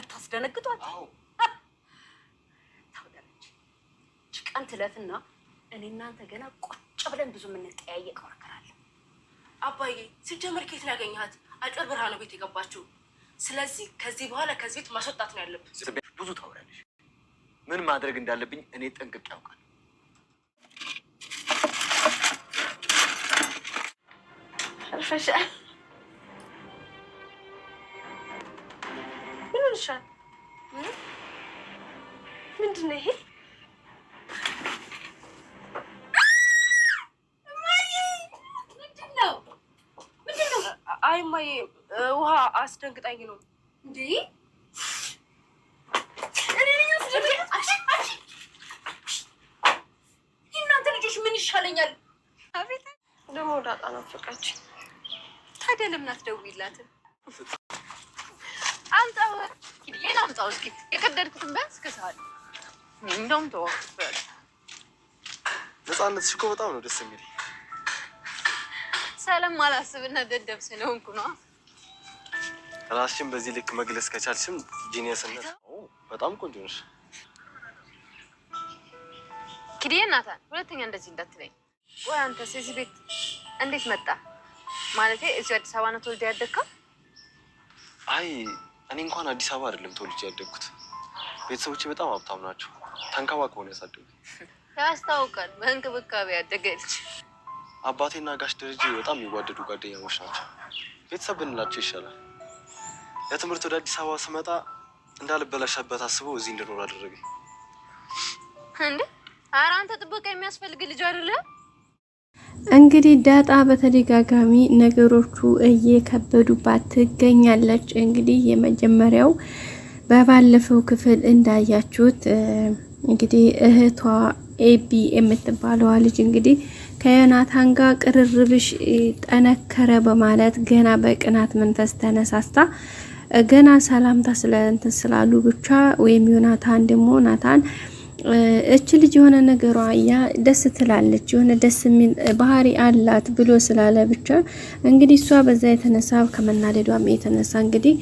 አታስደነግጧት። ታውቃለች ጭቃን ትለፍና እኔ እናንተ ገና ቁጭ ብለን ብዙ የምንጠያየቅ መከራለን። አባዬ ሲጀምር ኬት ላገኘሃት አጭር ብርሃን ቤት የገባችው። ስለዚህ ከዚህ በኋላ ከዚህ ቤት ማስወጣት ነው ያለብን። ብዙ ታወራለች። ምን ማድረግ እንዳለብኝ እኔ ጠንቅቄ ያውቃል። ሸርፈሻል ይሻል። ምንድን ነው ይሄ? አይ እማዬ፣ ውሃ አስደንግጣኝ ነው እንዴ? እናንተ ልጆች ምን ይሻለኛል? ደግሞ ዳጣ ናፈቃች። ታዲያ ለምን አትደውይላትም? አምጣው እስኪ የቀደድኩትን ቢያንስ ክሳል። እንደውም ተወው። ነፃነትሽ ሽኮ በጣም ነው ደስ የሚል። ሰላም አላስብና ደደብ ስለሆንኩ ነው። ራስሽን በዚህ ልክ መግለጽ ከቻልሽም ጂኒየስነት በጣም ቆንጆ ነሽ። ኪዲዬ ናታን፣ ሁለተኛ እንደዚህ እንዳትለኝ። ወይ አንተ እዚህ ቤት እንዴት መጣ? ማለቴ እዚሁ አዲስ አበባ ነው ተወልደ ያደግከው? አይ እኔ እንኳን አዲስ አበባ አይደለም ተወልጄ ያደግኩት። ቤተሰቦቼ በጣም ሀብታም ናቸው። ተንከባክበው ነው ያሳደጉ። ያስታውቃል። በእንክብካቤ ያደገ ልጅ። አባቴና ጋሽ ደረጀ በጣም የሚዋደዱ ጓደኛሞች ናቸው። ቤተሰብ ብንላቸው ይሻላል። ለትምህርት ወደ አዲስ አበባ ስመጣ እንዳልበላሻበት አስበው እዚህ እንድኖር አደረገኝ። እንዴ! ኧረ አንተ ጥበቃ የሚያስፈልግ ልጅ አይደለም። እንግዲህ ዳጣ በተደጋጋሚ ነገሮቹ እየከበዱባት ትገኛለች። እንግዲህ የመጀመሪያው በባለፈው ክፍል እንዳያችሁት እንግዲህ እህቷ ኤቢ የምትባለዋ ልጅ እንግዲህ ከዮናታን ጋር ቅርርብሽ ጠነከረ በማለት ገና በቅናት መንፈስ ተነሳስታ ገና ሰላምታ ስለ እንትን ስላሉ ብቻ ወይም ዮናታን ደግሞ ናታን እች ልጅ የሆነ ነገሯ ያ ደስ ትላለች፣ የሆነ ደስ የሚል ባህሪ አላት ብሎ ስላለ ብቻ እንግዲህ እሷ በዛ የተነሳ ከመናደዷም የተነሳ እንግዲህ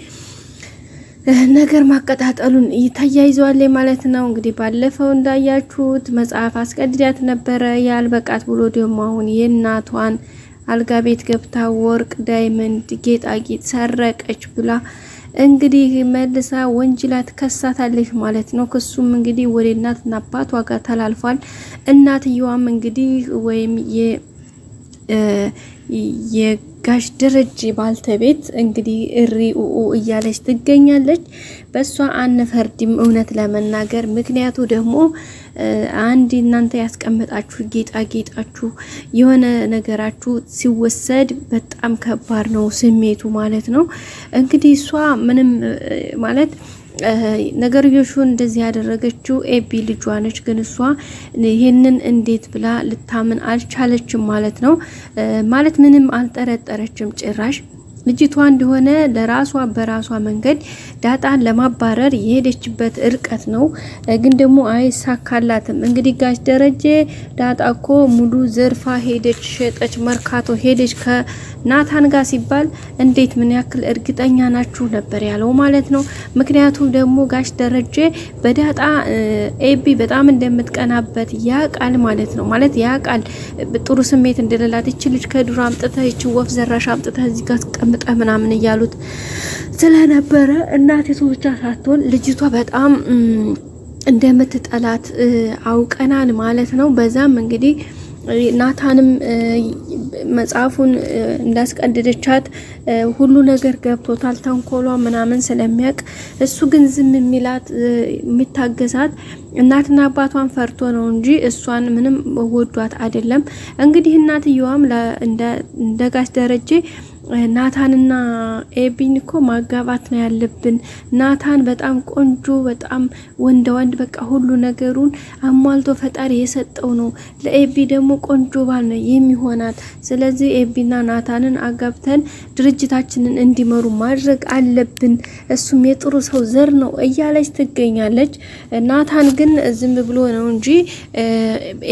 ነገር ማቀጣጠሉን ተያይዘዋል ማለት ነው። እንግዲህ ባለፈው እንዳያችሁት መጽሐፍ አስቀድዳት ነበረ ያልበቃት ብሎ ደግሞ አሁን የእናቷን አልጋ ቤት ገብታ ወርቅ ዳይመንድ ጌጣጌጥ ሰረቀች ብላ እንግዲህ መልሳ ወንጅላ ትከሳታለች ማለት ነው። ክሱም እንግዲህ ወደ እናትና አባቷ ጋር ተላልፏል። እናትየዋም እንግዲህ ወይም የ ጋሽ ደረጀ ባልተቤት እንግዲህ እሪ ኡኡ እያለች ትገኛለች። በእሷ አንፈርድም እውነት ለመናገር ምክንያቱ ደግሞ አንድ እናንተ ያስቀመጣችሁ ጌጣጌጣችሁ የሆነ ነገራችሁ ሲወሰድ በጣም ከባድ ነው ስሜቱ ማለት ነው። እንግዲህ እሷ ምንም ማለት ነገርዮሹ እንደዚህ ያደረገችው ኤቢ ልጇ ነች። ግን እሷ ይህንን እንዴት ብላ ልታምን አልቻለችም ማለት ነው። ማለት ምንም አልጠረጠረችም ጭራሽ ልጅቷ እንደሆነ ለራሷ በራሷ መንገድ ዳጣን ለማባረር የሄደችበት እርቀት ነው፣ ግን ደግሞ አይሳካላትም። እንግዲህ ጋሽ ደረጀ ዳጣ እኮ ሙሉ ዘርፋ ሄደች፣ ሸጠች፣ መርካቶ ሄደች ከናታን ጋር ሲባል እንዴት ምን ያክል እርግጠኛ ናችሁ ነበር ያለው ማለት ነው። ምክንያቱም ደግሞ ጋሽ ደረጀ በዳጣ ኤቢ በጣም እንደምትቀናበት ያ ቃል ማለት ነው ማለት ያ ቃል ጥሩ ስሜት እንደሌላት ይች ልጅ ከዱር ይች ወፍ ዘራሽ አምጥተህ እዚህ ጋር ተቀምጠ ምናምን እያሉት ስለነበረ እናቲቱ ብቻ ሳትሆን ልጅቷ በጣም እንደምትጠላት አውቀናል ማለት ነው። በዛም እንግዲህ ናታንም መጽሐፉን እንዳስቀደደቻት ሁሉ ነገር ገብቶታል፣ ተንኮሏ ምናምን ስለሚያውቅ እሱ ግን ዝም የሚላት የሚታገዛት እናትና አባቷን ፈርቶ ነው እንጂ እሷን ምንም ወዷት አይደለም። እንግዲህ እናትየዋም እንደ ጋሽ ናታንና ኤቢን እኮ ማጋባት ነው ያለብን። ናታን በጣም ቆንጆ፣ በጣም ወንደ ወንድ፣ በቃ ሁሉ ነገሩን አሟልቶ ፈጣሪ የሰጠው ነው። ለኤቢ ደግሞ ቆንጆ ባል ነው የሚሆናል። ስለዚህ ኤቢና ናታንን አጋብተን ድርጅታችንን እንዲመሩ ማድረግ አለብን። እሱም የጥሩ ሰው ዘር ነው እያለች ትገኛለች። ናታን ግን ዝም ብሎ ነው እንጂ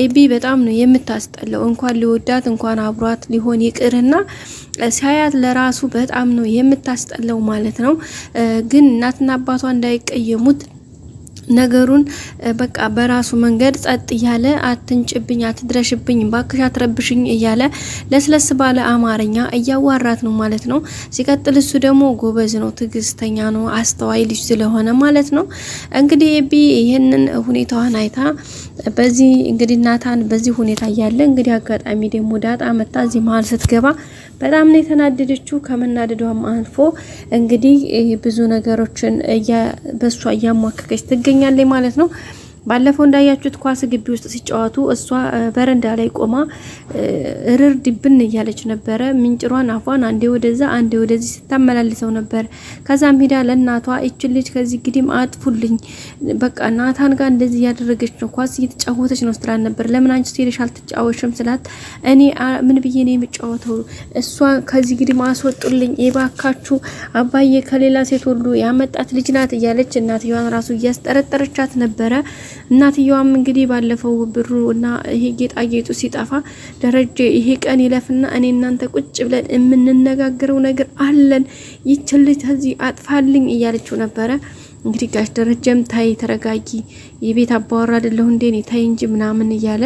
ኤቢ በጣም ነው የምታስጠላው። እንኳን ሊወዳት እንኳን አብሯት ሊሆን ይቅርና ሲያያት ለራሱ በጣም ነው የምታስጠላው ማለት ነው። ግን እናትና አባቷ እንዳይቀየሙት ነገሩን በቃ በራሱ መንገድ ጸጥ እያለ አትንጭብኝ፣ አትድረሽብኝ፣ ባክሽ አትረብሽኝ እያለ ለስለስ ባለ አማርኛ እያዋራት ነው ማለት ነው። ሲቀጥል እሱ ደግሞ ጎበዝ ነው፣ ትግስተኛ ነው፣ አስተዋይ ልጅ ስለሆነ ማለት ነው። እንግዲህ ኤቢ ይህንን ሁኔታዋን አይታ በዚህ እንግዲህ እናታን በዚህ ሁኔታ እያለ እንግዲህ አጋጣሚ ደግሞ ዳጣ መታ እዚህ መሀል ስትገባ በጣም ነው የተናደደችው። ከመናደዷም አልፎ እንግዲህ ብዙ ነገሮችን በሷ እያሟከከች ትገኛለች ማለት ነው። ባለፈው እንዳያችሁት ኳስ ግቢ ውስጥ ሲጫወቱ እሷ በረንዳ ላይ ቆማ እርር ድብን እያለች ነበረ። ምንጭሯን አፏን አንዴ ወደዛ አንዴ ወደዚህ ስታመላልሰው ነበር። ከዛም ሄዳ ለእናቷ ይችን ልጅ ከዚህ ግዲም አጥፉልኝ፣ በቃ ናታን ጋር እንደዚህ እያደረገች ነው፣ ኳስ እየተጫወተች ነው ስትላል ነበር። ለምን አንቺ ሴደሽ አልተጫወሽም ስላት፣ እኔ ምን ብዬ ነው የሚጫወተው? እሷ ከዚህ ግዲም አስወጡልኝ፣ የባካችሁ አባዬ ከሌላ ሴት ሁሉ ያመጣት ልጅ ናት እያለች እናትየዋን ራሱ እያስጠረጠረቻት ነበረ። እናትየዋም እንግዲህ ባለፈው ብሩ እና ይሄ ጌጣጌጡ ሲጠፋ ደረጀ ይሄ ቀን ይለፍና እኔ እናንተ ቁጭ ብለን የምንነጋገረው ነገር አለን ይችን ልጅ ከዚህ አጥፋልኝ እያለችው ነበረ። እንግዲህ ጋሽ ደረጀም ታይ ተረጋጊ፣ የቤት አባወራ አይደለሁ እንዴ እኔ ታይ እንጂ ምናምን እያለ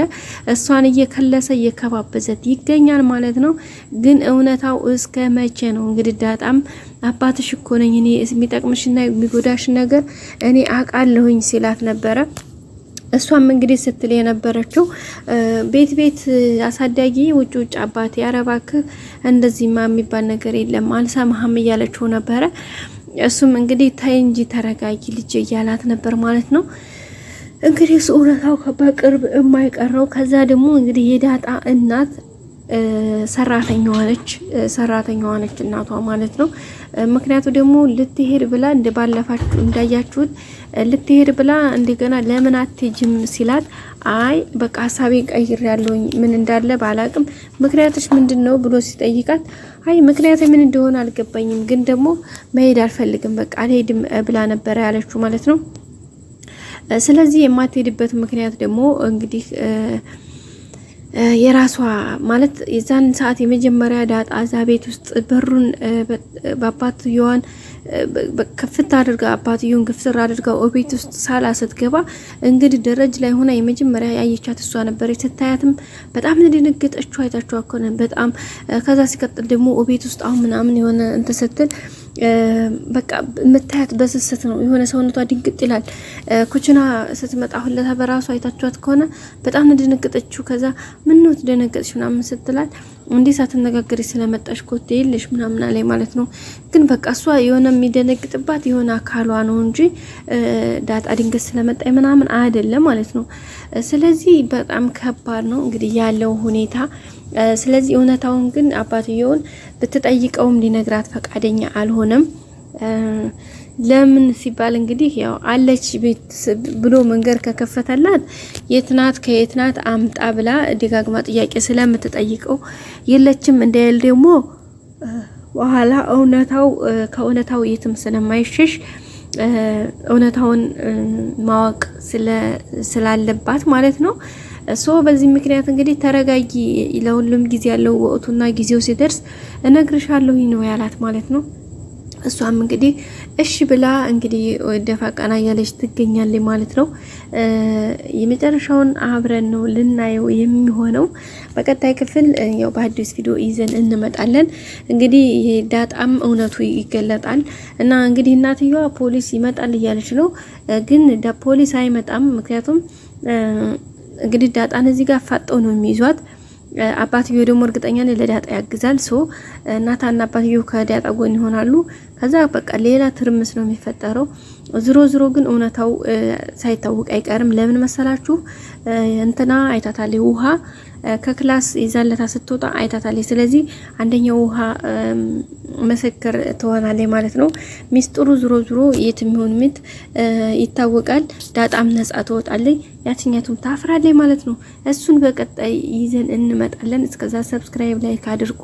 እሷን እየከለሰ እየከባበዘት ይገኛል ማለት ነው። ግን እውነታው እስከ መቼ ነው? እንግዲህ ዳጣም አባትሽ እኮ ነኝ እኔ የሚጠቅምሽና የሚጎዳሽ ነገር እኔ አውቃለሁኝ ሲላት ነበረ። እሷም እንግዲህ ስትል የነበረችው ቤት ቤት አሳዳጊ ውጭ ውጭ አባቴ ያረባክህ እንደዚህማ የሚባል ነገር የለም አልሰማህም እያለችው ነበረ። እሱም እንግዲህ ታይ እንጂ ተረጋጊ ልጅ እያላት ነበር ማለት ነው። እንግዲህ እውነታው በቅርብ የማይቀር ነው። ከዛ ደግሞ እንግዲህ የዳጣ እናት ሰራተኛዋ ነች ሰራተኛዋ ነች እናቷ ማለት ነው። ምክንያቱ ደግሞ ልትሄድ ብላ እንደ ባለፋችሁ እንዳያችሁት ልትሄድ ብላ እንደገና ለምን አትሄጂም ሲላት አይ በቃ ሀሳቤ ቀይር ያለውኝ ምን እንዳለ ባላቅም ምክንያቶች ምንድን ነው ብሎ ሲጠይቃት አይ ምክንያት ምን እንደሆነ አልገባኝም፣ ግን ደግሞ መሄድ አልፈልግም በቃ አልሄድም ብላ ነበረ ያለችው ማለት ነው። ስለዚህ የማትሄድበት ምክንያት ደግሞ እንግዲህ የራሷ ማለት የዛን ሰዓት የመጀመሪያ ዳጣ እዛ ቤት ውስጥ በሩን በአባትየዋን ክፍት አድርጋ አባትዮን ግፍትር አድርጋ ቤት ውስጥ ሳላ ስትገባ እንግዲህ ደረጅ ላይ ሆና የመጀመሪያ ያየቻት እሷ ነበረች። ስታያትም በጣም እንደደነገጠችው አይታችኋ ከሆነ በጣም ከዛ ሲቀጥል ደግሞ ቤት ውስጥ አሁን ምናምን የሆነ እንትን ስትል በቃ የምታያት በስስት ነው። የሆነ ሰውነቷ ድንግጥ ይላል። ኩችና ስትመጣ ሁለታ በራሱ አይታችኋት ከሆነ በጣም እንደደነገጠችው ከዛ ምን ነው ትደነገጥሽ ምናምን ስትላል እንዲህ ሳትነጋገሪ ስለመጣሽ ኮት የለሽ ምናምን አለኝ ማለት ነው። ግን በቃ እሷ የሆነ የሚደነግጥባት የሆነ አካሏ ነው እንጂ ዳጣ ድንገት ስለመጣኝ ምናምን አይደለም ማለት ነው። ስለዚህ በጣም ከባድ ነው እንግዲህ ያለው ሁኔታ። ስለዚህ እውነታውን ግን አባትየውን ብትጠይቀውም ሊነግራት ፈቃደኛ አልሆነም። ለምን ሲባል እንግዲህ ያው አለች ቤት ብሎ መንገድ ከከፈተላት የትናት ከየትናት አምጣ ብላ ደጋግማ ጥያቄ ስለምትጠይቀው የለችም እንዳይል ደግሞ በኋላ እውነታው ከእውነታው የትም ስለማይሸሽ እውነታውን ማወቅ ስላለባት ማለት ነው። ሶ በዚህ ምክንያት እንግዲህ ተረጋጊ፣ ለሁሉም ጊዜ ያለው ወቅቱና ጊዜው ሲደርስ እነግርሻለሁ ነው ያላት ማለት ነው። እሷም እንግዲህ እሺ ብላ እንግዲህ ደፋ ቀና እያለች ትገኛለች ማለት ነው። የመጨረሻውን አብረን ነው ልናየው የሚሆነው። በቀጣይ ክፍል ያው በአዲስ ቪዲዮ ይዘን እንመጣለን። እንግዲህ ዳጣም እውነቱ ይገለጣል እና እንግዲህ እናትየዋ ፖሊስ ይመጣል እያለች ነው፣ ግን ፖሊስ አይመጣም። ምክንያቱም እንግዲህ ዳጣን እዚህ ጋር ፋጠው ነው የሚይዟት አባትዮ ደግሞ እርግጠኛ ነኝ ለዳጣ ያግዛል። ሶ እናታና አባትዮ ከዳጣ ጎን ይሆናሉ። ከዛ በቃ ሌላ ትርምስ ነው የሚፈጠረው። ዝሮ ዝሮ ግን እውነታው ሳይታወቅ አይቀርም። ለምን መሰላችሁ? እንትና አይታታሌ ውሃ ከክላስ ይዛለታ ስትወጣ አይታታሌ። ስለዚህ አንደኛው ውሃ ምስክር ትሆናለች ማለት ነው። ሚስጥሩ ዝሮ ዝሮ የት የሚሆን ምት ይታወቃል። ዳጣም ነጻ ትወጣለች፣ ያችኛቱም ታፍራለች ማለት ነው። እሱን በቀጣይ ይዘን እንመጣለን። እስከዛ ሰብስክራይብ፣ ላይክ አድርጉ።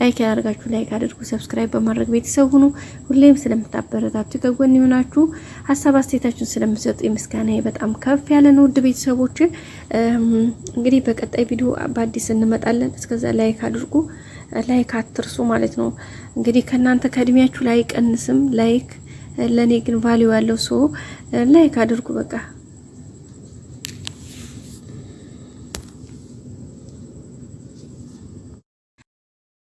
ላይክ ያደርጋችሁ፣ ላይክ አድርጉ። ሰብስክራይብ በማድረግ ቤተሰብ ሁኑ። ሁሌም ስለምታበረታቱ ከጎን ይሆናችሁ፣ ሀሳብ አስተያየታችሁን ስለምሰጡ የምስጋና በጣም ከፍ ያለ ነው። ውድ ቤተሰቦች እንግዲህ በቀጣይ ቪዲዮ በአዲስ እንመጣለን። እስከዛ ላይክ አድርጉ። ላይክ አትርሱ ማለት ነው። እንግዲህ ከእናንተ ከእድሜያችሁ ላይ ቀንስም ላይክ ለእኔ ግን ቫሊዩ ያለው ሰው ላይክ አድርጉ በቃ